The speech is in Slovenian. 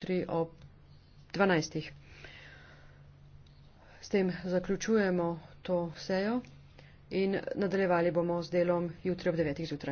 jutri ob 12. S tem zaključujemo to sejo in nadaljevali bomo z delom jutri ob 9. zjutraj.